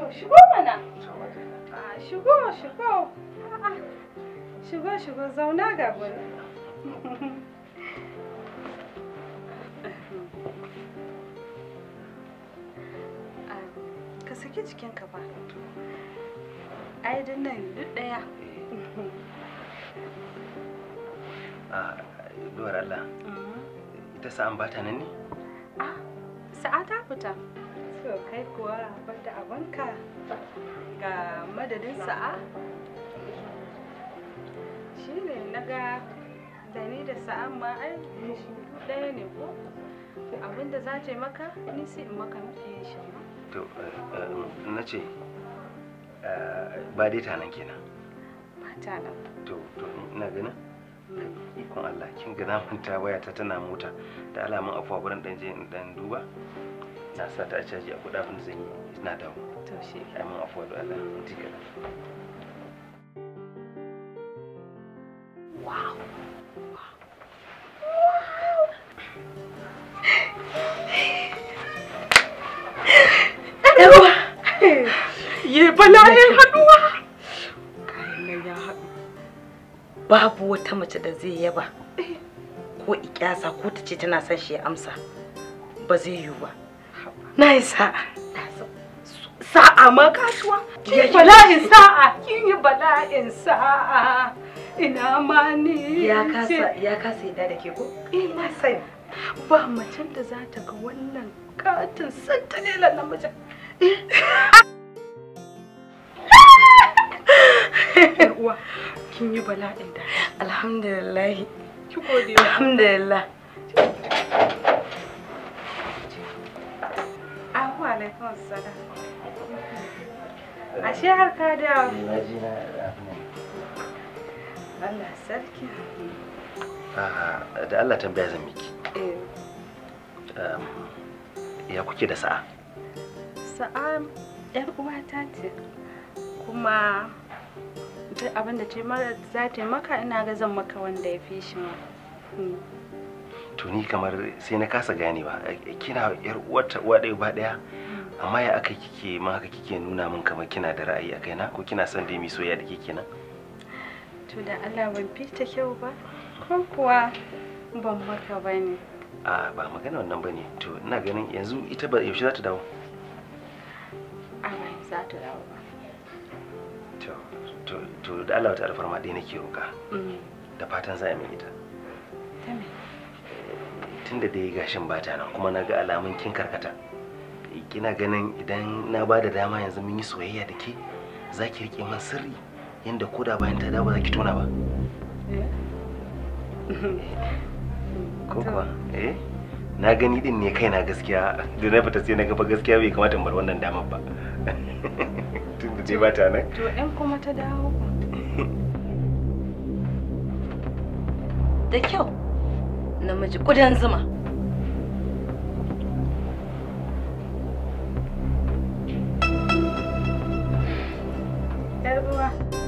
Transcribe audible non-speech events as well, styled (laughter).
To shigo mana. Shigo shigo. Shigo shigo zauna ga gwani. (laughs) Ka saki jikinka ba. Ai nan duk ɗaya. (laughs) Duwar Allah. Mm. Ita sa'an ba ta nan ne? sa'a ta fita. To kai kuwa banda abinka ga madadin sa'a? Shi ne na ga da ni da sa'an ma ai ɗaya ne ko? abin da za ta maka ni sai in maka miki shi To eh, eh, na ce eh, ba dai ta nan kenan. Ba ta To to ina ganin ikon Allah kin ga na manta wayata tana mota da alamun afuwa burin dan je in dan duba. na sa ta a caji a kuɗa abin zan yi na dawo to shi ai mun afuwa da Allah mun ji kana wow Yawa! Ye bala'in haduwa! Kayan ya haɗu. Babu wata mace da zai yaba ko ikyasa ko ta ce tana son shi ya amsa ba zai yiwu ba. Na yi sa'a. Sa'a ma kasuwa. bala'in sa'a, kin yi bala'in sa'a. Ina ma ni. Ya kasa ya kasa yadda da ke ko? Ina sai. Ba macen da za ta ga wannan katin santalela namijin. Eh. (laughs) uwa kin yi bala'in da alhamdulillah ki gode alhamdulillah Ashe har ka eh, Allah sarki. Ah, da Allah tambaya zan miki. Eh. Ya kuke da sa'a? Sa'a ‘yar uwata ce, kuma duk abin da ce mara za ta maka ina ga zan maka wanda ya fi shi ma. Hmm. Tuni kamar sai na kasa ganewa, eh, kina ‘yar uwata uwa ɗaya ba ɗaya. amma ya aka kike ma haka kike nuna min kamar kina da ra'ayi a kaina ko kina son dai mi soyayya da kike nan to da Allah ban fita kyau ba ko kuwa ban maka bane a ba magana wannan bane to ina ganin yanzu ita ba yaushe za ta dawo a ba za ta dawo ba to to to da Allah ta alfarma dai nake roka mm. da fatan za a min ita tunda dai gashin bata nan kuma na ga alamun kin karkata kina ganin idan na ba da dama yanzu mun yi soyayya da ke za ki rike man sirri yadda ko da bayan ta dawo ba za ki tona ba eh. (laughs) ko kuwa eh na gani din ne kai na gaskiya da na fita sai na gaba gaskiya bai kamata in bar wannan damar ba (laughs) tun da ce ba ta nan to ɗan kuma ta dawo (laughs) da kyau namiji ƙudan zuma 对